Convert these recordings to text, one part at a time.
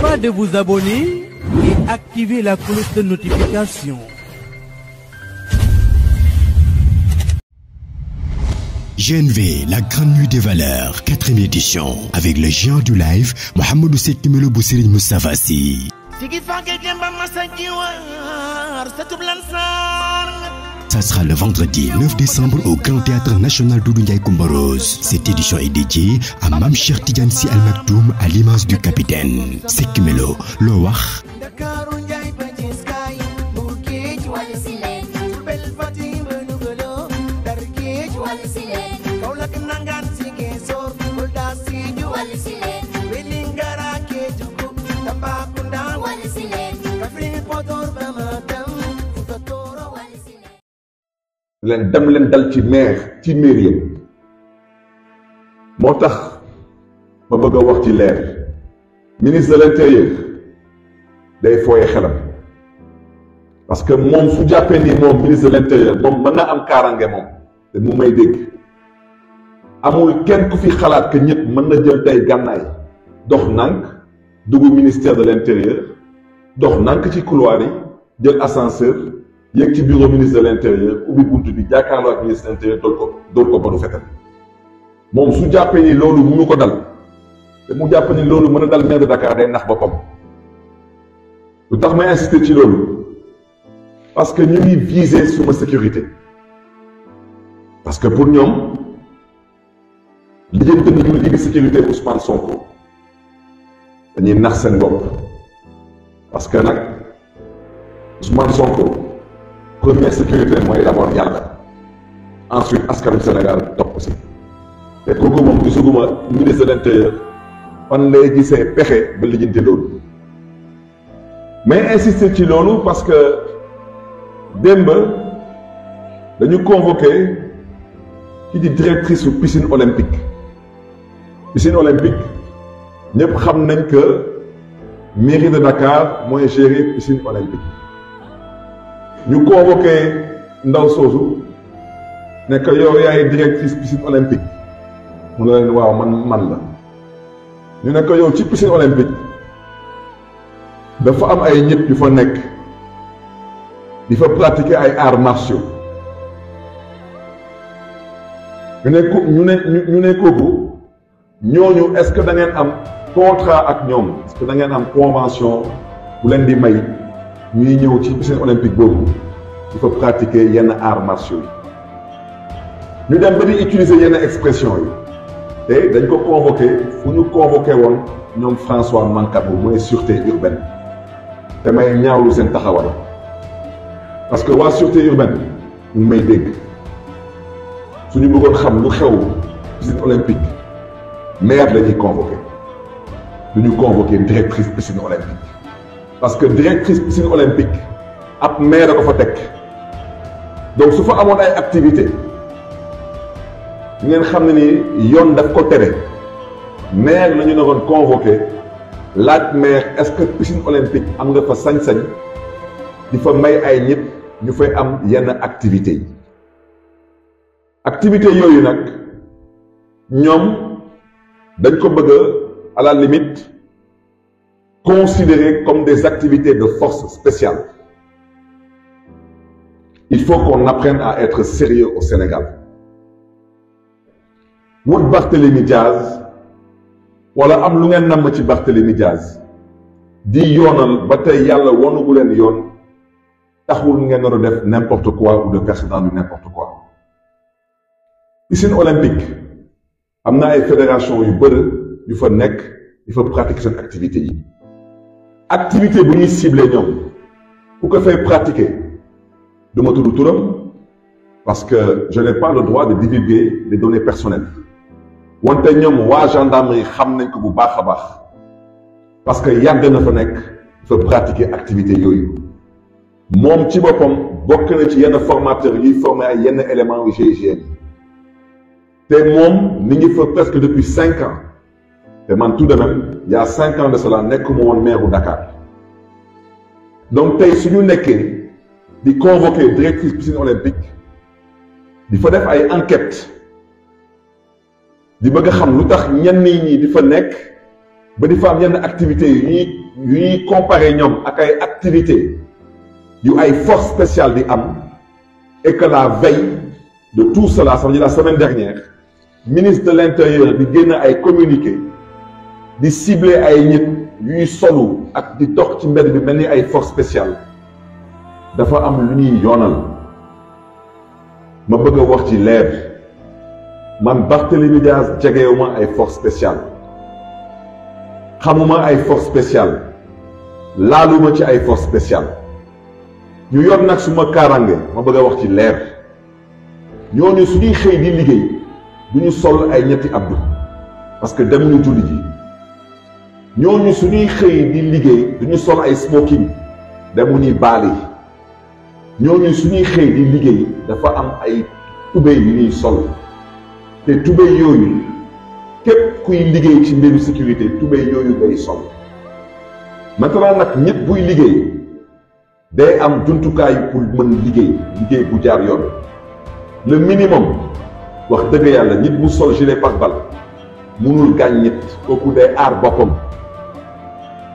pas de vous abonner et activer la cloche de notification. GNV, la grande nuit des valeurs, quatrième édition, avec le géant du live, Mohamed Oussekimelo Boussiri Moussavasi. Ça sera le vendredi 9 décembre au Grand Théâtre National Doudou Kumbaros. Cette édition est dédiée à Mam Cheikh Al Maktoum à l'image du capitaine. Sekimelo Loach. Je dem le dal ci maire ci ma bëgg wax ci ministre de l'intérieur day xelam parce que mon su mon ni ministre de l'intérieur mom am karangé mom té may dégg amul ku fi xalaat que ñëpp mën jël tey gànnaay dox ministère de l'intérieur dox nank ci couloir yi jël yéeg ci bureau ministre de l'intérieur intérieur ubbi bunt bi jàkkaarloo ak ministre de l' intérieur dóor ko dóor ko ba fetal moom su jàppee ni loolu mënu ko dal te mu jàpp ni loolu mën a dal maire de Dakar day nax boppam lu tax may insister ci loolu parce que ñu ngi viser suma sécurité parce que pour ñoom lijjanti nañu li di sécurité Ousmane Sonko dañuy nax seen bopp parce que nag Ousmane Sonko première sécurité est d'abord Yalla. ensuite du Sénégal top si te kooku moom gisuguma ministre de l'intérieur dit lay péché, pexe ba lijjanti loolu mais insister ci loolu parce que nous dañu convoqué qui dit directrice de piscine olympique piscine olympique nous xam nañ que mairie de Dakar mooy géré piscine olympique ñu convoqué ndaw soosu nekk yow yaay directrice piscine olympique mu ne leen waaw man man la ñu nekk yow ci piscine olympique dafa am ay ñit yu fa nekk di fa pratiquer ay arts martiaux ñu ne ko ñu ne ñu ne kooku ñooñu est-ce que da ngeen am contrat ak ñoom est-ce da ngeen am convention bu leen di may. ñuy ñëw ci piscine olympique boobu il faut pratiquer yenn arts martiaux yi ñu dem ba utiliser yenn expression yi te dañ ko convoqué fu ñu convoqué woon ñoom François mankabo mooy sûreté urbaine te may ñaawlu seen taxawal parce que waa sûreté urbaine ñu may dégg suñu bëggoon xam lu xew piscine olympique maire la ñuy convoqué du ñu convoqué directrice piscine olympique parce que directrice piscine olympique ab maire a ko fa teg donc su fa amoon ay activité ngeen xam ne ni yoon daf ko tere maire la ñu ne woon convoqué laaj maire est-ce que piscine olympique am nga fa sañ-sañ di fa may ay ñu am yenn activités yi activités yooyu nag ñoom dañ ko bëgg à la limite considérées comme des activités de force spéciale. Il faut qu'on apprenne à être sérieux au Sénégal. wut Barthélémy Diaz wala am lu ngeen namm ci Barthélémy Diaz di yonal ba tey yàlla wanugu leen taxul ngeen nar def n'importe quoi ou de personnel dans du n'importe quoi. piscine olympique amna ay fédération yu beur yu fa nek, yu fa pratiquer cette activité yi activité bu ñuy ciblé ñoom ku ko fay pratiquer du ma tudd turam parce que je n'ai pas le droit de divulguer les données personnelles wante ñoom waa gendarmerie xam nañ ko bu parce que yam na fa nekk pratiquer activité yooyu moom ci boppam bokk na ci formateur yuy former ay yenn éléments yu GIGN te moom presque depuis cinq ans et man, tout de même, il y a 5 ans de cela, eu mon maire au Dakar donc tey su ñu le di convoquer directrice piscine olympique il faut faire une enquêtes Il faut savoir xam lu tax gens ñi di fa fait ba di fa yenn activités ñuy comparer une ak ay yu force spéciale des am et que la veille de tout cela c'est à dire la semaine dernière le ministre de l'intérieur di génn a communiqué di ciblé ay nit ñuy solo ak di dox ci mbedd bi mel ni ay force spéciale dafa am lu ñuy yoonal ma bëgg a wax ci leer man Barthélémy Dias jegewuma ay force spéciale xamuma ay force spéciale laaluma ci ay force spéciale ñu yor nag suma kaaraange ma bëgg a wax ci leer ñooñu suñuy xëy di liggéey du ñu sol ay ñetti abdu parce que dem ñu julli ji nous suñuy xëy di liggéey duñu sol ay smoking damu ni baali faire. suñuy xëy di liggéey dafa am ay les yu ñuy sol te yooyu képp kuy liggéey ci mbiru sécurité yooyu ngay sol maintenant nag nit buy liggéey day am pour mën liggéey liggéey bu jaar yoon le minimum wax dëgg yàlla nit mu sol gilet pare-balles mënul kooku day aar boppam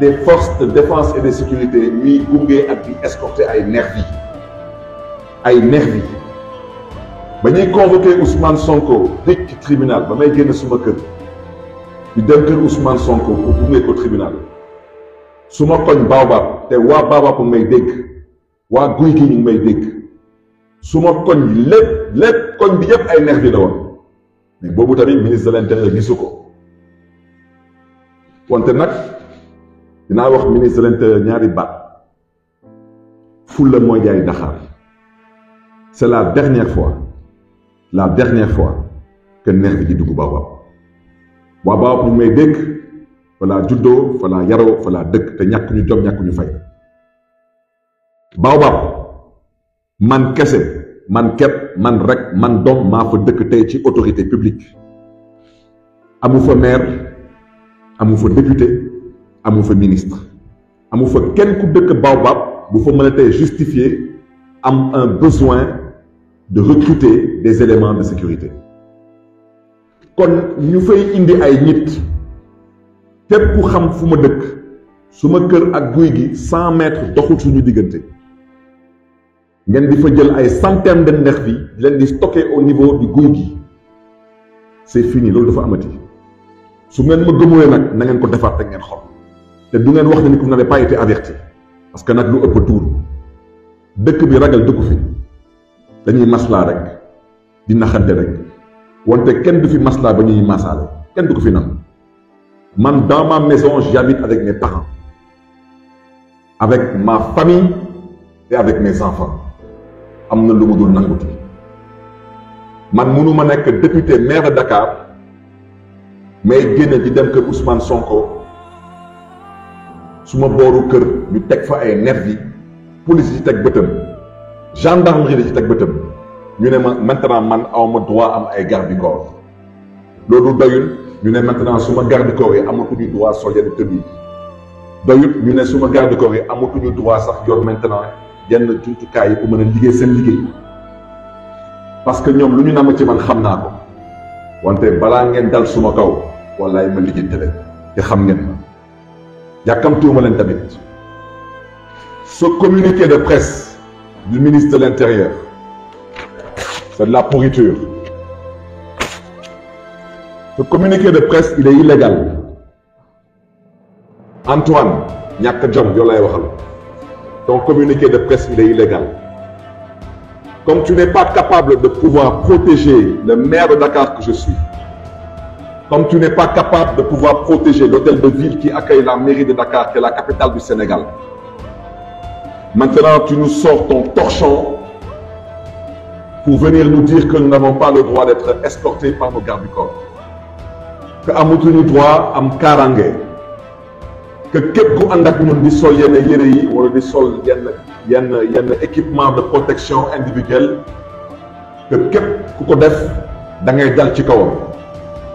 des forces de défense et de sécurité ñuy gunge ak di escorter ay nervi ay nervi ba ñuy convoqué Ousmane Sonko rek ci tribunal ba may génn suma kër di dem Ousmane Sonko pour gunge ko tribunal su ma koñ Baobab te waa Baobab may dégg waa guy gi ñu may dégg su ma koñ lépp lépp koñ bi yépp ay nervi la woon mais boobu tamit ministre de l'intérieur gisu ko wante nag dinaa wax ministre de l'intérieur ñaari baat fulla mooy jaay daxaar c'est la dernière fois la dernière fois que neex bi di dugg baobab baobab ñu may dégg fa laa juddoo fa laa yaroo fa laa dëkk te ñàkk ñu jom ñàkk ñu fay man kese man kepp man rek man dom, ma fa dëkk tey ci autorité publique amu fa maire amu fa député mon fa ministre mon fa kenn ku dëkk Baobab bu fa mën a justifié am un besoin de recruter des éléments de sécurité kon ñu fay indi ay nit ku xam fu ma ak cent mètres doxul suñu diggante ngeen di fa jël ay centaines de nervis bi di di au niveau du guy c'est fini loolu dafa amati su ngeen ma de nag na ngeen ko defaat ngeen te ne wax ne vous n'avez pas été averti parce que nag lu ëpp tour dëkk bi ragal dëkku fi dañuy maslaa rek di naxante rek wante kenn du fi maslaa ba ñuy masaale kenn du ko fi man dans ma maison j'habite avec mes parents avec ma famille et avec mes enfants am lu ma dul nanguti man mënu nekk député maire de Dakar mais di dem Ousmane Sonko. suma booru kër ñu teg fa ay yi police yi teg bëtëm gendarmerie di ci teg bëtëm ñu ne ma maintenant man awma droit am ay garde corps loolu doyul ñu ne maintenant suma garde corps yi ñu droit sol de tenue yi doyut ñu ne suma garde corps yi ñu droit sax yor maintenant yenn jumtukaay yi pour mën a liggéey seen liggéey parce que ñoom lu ñu nam ci man xam naa ko wante balaa ngeen dal suma kaw wallaay ma lijjante leen te xam ngeen ma ce communiqué de presse du ministre de l'intérieur c'est de la pourriture ce communiqué de presse il est illégal Antoine ton communiqué de presse il est illégal comme tu n'es pas capable de pouvoir protéger le maire de Dakar que je suis comme tu n'es pas capable de pouvoir protéger l'hôtel de ville qui accueille la mairie de Dakar, qui est la capitale du Sénégal. Maintenant, tu nous sors ton torchon pour venir nous dire que nous n'avons pas le droit d'être escortés par nos gardes du corps. Que nous droit am kaaraange que nous avons ànd équipement de protection individuelle que nous avons def da ngay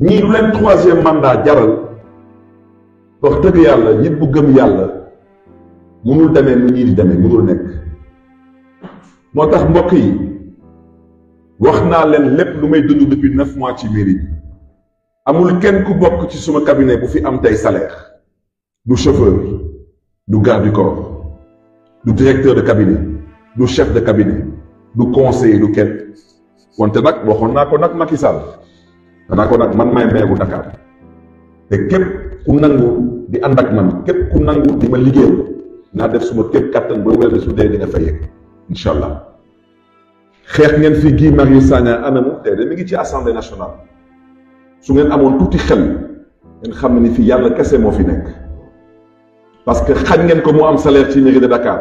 ñii lu leen troisième mandat jaral wax dëgg yàlla nit bu gëm yàlla mënul demee nu ñii di demee mënul nekk moo tax mbokk yi wax naa leen lépp lu may dund depuis neuf mois ci mairie bi amul kenn ku bokk ci suma cabinet bu fi am tey salaire du chauffeur du garde du corps du directeur de cabinet du chef de cabinet du conseiller du kenn wante nag waxoon naa ko nag Macky Sall danaa ko nag man maay meeru Dakar te képp ku di ànd ak man képp ma liggéeyal naa def suma képp kattan booy wér su dee allah xeex ngeen fi Guy Marius Sagna anamu tey de ngi ci assemblée nationale su ngeen amoon tuuti xel ngeen xam ni fi yàlla kese moo fi nekk parce que xañ ngeen ko mu am salaire ci mairie de Dakar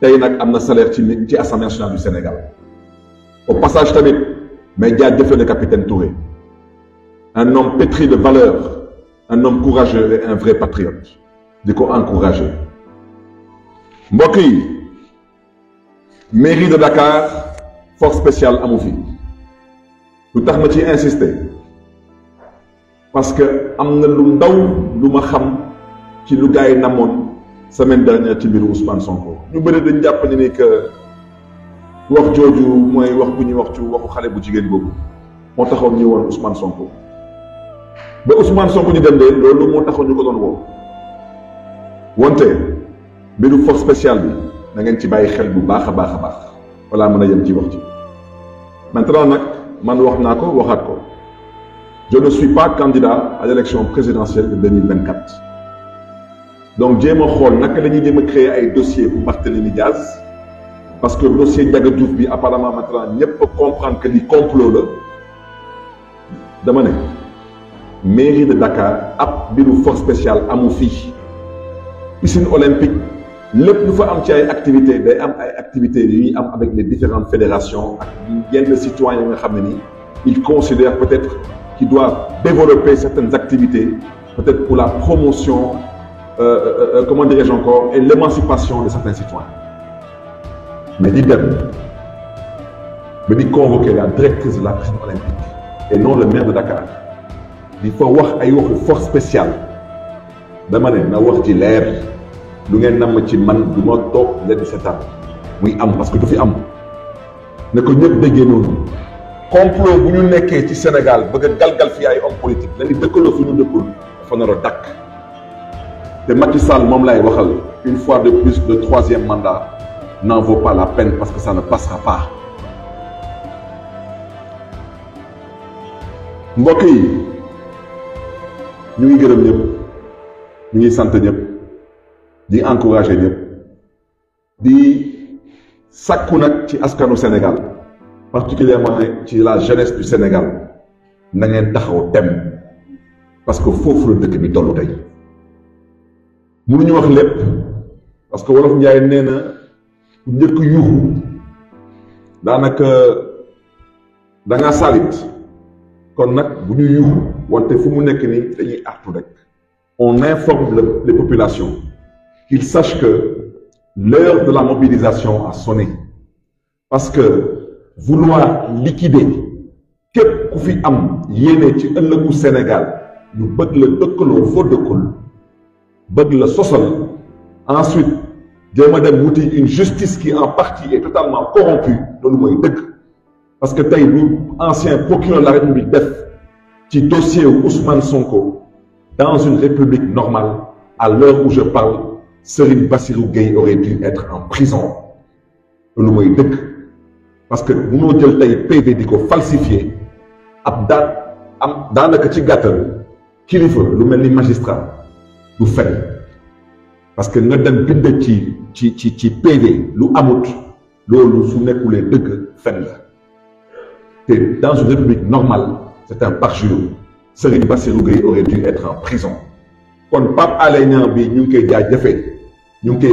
tey nag am na salaire ci ci assemblée nationale du Sénégal au passage tamit mais jaajëfal ne capitaine Touré. un homme pétri de valeur, un homme courageux et un vrai patriote. déco encouragé. encourager mairie de Dakar force spéciale à mon fils. Nous ma insister parce que nous nous lu ndaw que xam semaine dernière Ousmane Sonko Nous avons que wax wax wax ba Ousmane Sonko ñu dem de loolu moo taxoon ñu ko doon woo wante mbiru force spéciale bi na ngeen ci bàyyi xel bu baax a baax a baax walla mën a yem ci wax ci maintenant nag man wax naa ko waxaat ko je ne suis pas candidat à l'élection présidentielle de 2024 donc jéem a xool naka la ñuy jéem a créer ay dossier bu Barthélémy Diaz parce que dossier Ndiaga Diouf bi apparemment maintenant ñëpp comprendre que li complot la dama ne mairie de Dakar ab une force spéciale à piscine olympique le plus fort am ci activités activités avec les différentes fédérations Il des citoyens qui citoyens ils considèrent peut-être qu'ils doivent développer certaines activités peut-être pour la promotion euh, euh, euh, comment dirais-je encore et l'émancipation de certains citoyens mais dit bien, Mais dit convoquer la directrice de la piscine olympique et non le maire de Dakar il faut wax ay force spéciale dama ne na wax ci leer lu ngeen nam ci man du am parce que fi am ne ko ñëpp déggee noonu complot bu ñu ci Sénégal bëgg galgal ay politique dëkkaloo fu ñu dëkkul dafa nar lay waxal une fois de plus le troisième mandat n'en vaut pas la peine parce que ça ne passera pas mbokk ñu ngi gërëm ñëpp ñu ngi sant ñëpp di encouragé ñëpp di sakku ci askanu Sénégal particulièrement ci la jeunesse du Sénégal na ngeen taxaw parce que foofu la dëkk bi tollu tey mënuñu wax parce que wolof njaay nee na njëkk yuuxu daanaka da kon nak bu ñu yu wante fu mu nekk ni dañuy artu rek on informe le, les populations qu'ils sachent que l'heure de la mobilisation a sonné parce que vouloir liquider képp ku fi am yéene ci ëllëgu Sénégal ñu bëgg la dëkkaloo fo dëkkul bëgg la sosal ensuite jéem a dem wuti une justice qui en partie est totalement corrompue loolu mooy dëgg parce que l'ancien ancien procureur de la république qui dossier Ousmane Sonko dans une république normale à l'heure où je parle Serigne Bassirou aurait dû être en prison parce que nous jël de PV falsifier ab daan am le magistrat parce que nous avons des ci ci PV lu fait dans une république normale, c'est un parjure. Serigne Bassirou aurait dû être en prison. Quand Pape Alé bi ñu nous koy jaajëfee ñu ngi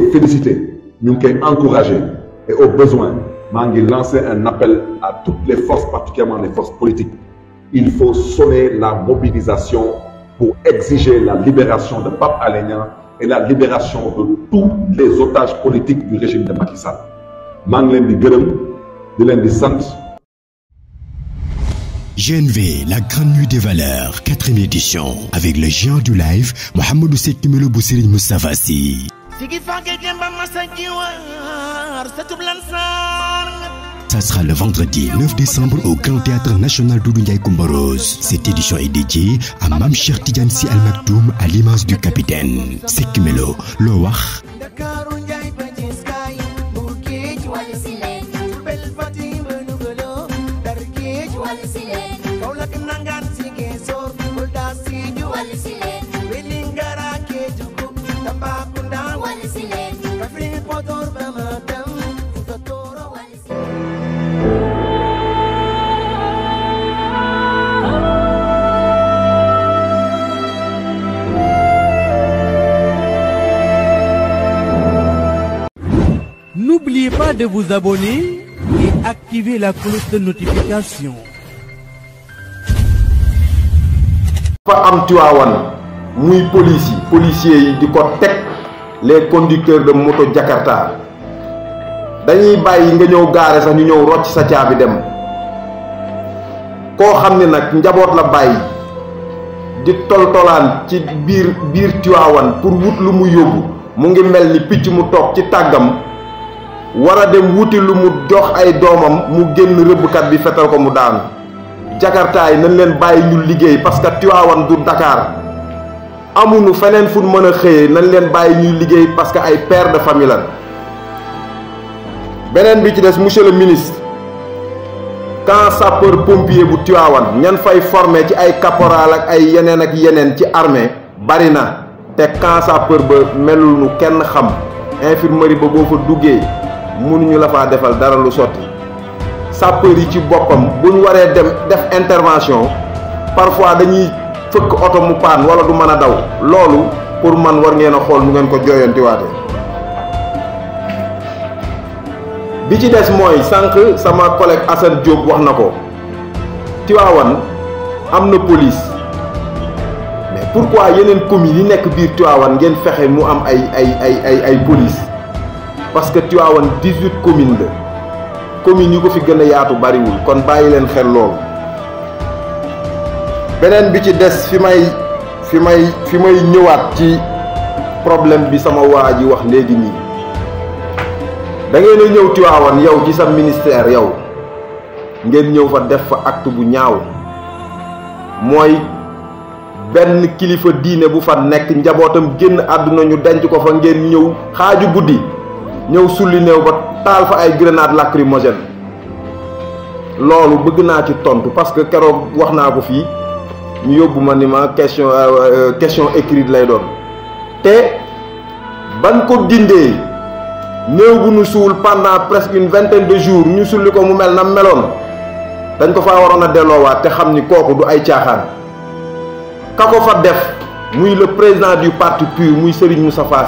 et au besoin nous lancer un appel à toutes les forces particulièrement les forces politiques il faut sonner la mobilisation pour exiger la libération de Pape Alé et la libération de tous les otages politiques du régime de Macky Sall maa leen di GNV, la grande nuit des valeurs, quatrième édition, avec le géant du live, Mohamedou Sekimelo Boussiri Moussavasi. Ça sera le vendredi 9 décembre au Grand Théâtre National et Kumboros. Cette édition est dédiée à Mam Al Maktoum à l'image du capitaine. Sekimelo, Wach. pas de vous abonner et la cloche de notification. fa am Tiwaawan muy police yi policiers yi di ko teg les conducteurs de moto Jakarta dañuy bàyyi nga ñëw gaare sax ñu ñëw rocc sa caabi dem koo xam ni nag njaboot la bàyyi di toltolaan ci biir Tiwaawan pour wut lu mu yóbbu mu ngi mel ni picc mu toog ci tàggam. war a dem wuti lu mu jox ay doomam mu génn rëbbkat bi fetal ko mu daanu jakartaa yi nañ leen bàyyi ñu liggéey parce que Tiwaawan du Dakar amuñu feneen fu mën a xëyee nañ leen bàyyi ñuy liggéey parce que ay père de famille lan beneen bi ci des monsieur le ministre quand sapeur pompier bu Tiwaawan ñan fay forme ci ay caporal ak ay yeneen ak yeneen ci armee bari na te quand sapeur ba melul nu kenn xam infirmerie ba boo fa duggee mënuñu la faa defal dara lu sotti sapeur yi ci boppam ñu waree dem def intervention parfois dañuy fëkk oto mu paan wala du mën daw pour man war ngeen a xool ngeen des mooy sànq sama collègue Assane Diop wax am police mais pourquoi yeneen communes yi nekk biir ngeen fexe mu am ay ay ay police parce que tu Tivaouane 18 communes de commune ñu ko fi gëna yaatu bari wul kon bayi len xel lool benen bi ci des fi may fi may fi may ñëwaat ci problème bi sama waa wax légui ni da ngay a ñëw tiwaawon yow ci sa ministère yow ngeen ñëw fa def fa acte bu ñaaw moy ben kilifa diine bu fa nek njabotam genn aduna ñu denc ko fa ngeen ñëw xaju guddi Nous sulli souligné ba taal fa ay grenade lacrymogène loolu bëgg ci tontu parce que keroog wax naa ñu ni question euh, euh, question écrite lay doon te banko ko dindee suul pendant presque une vingtaine de jours ñu sulli ko mu mel na meloon dañ ko faa waroon a delloowaat te xam du ay fa def le président du parti PUR muy Serigne Moustapha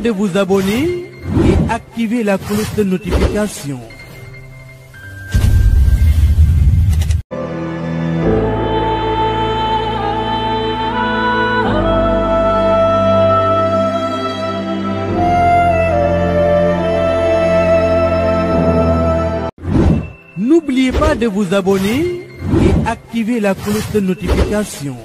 de vous abonner et activer la cloche de notification. N'oubliez pas de vous abonner et activer la cloche de notification.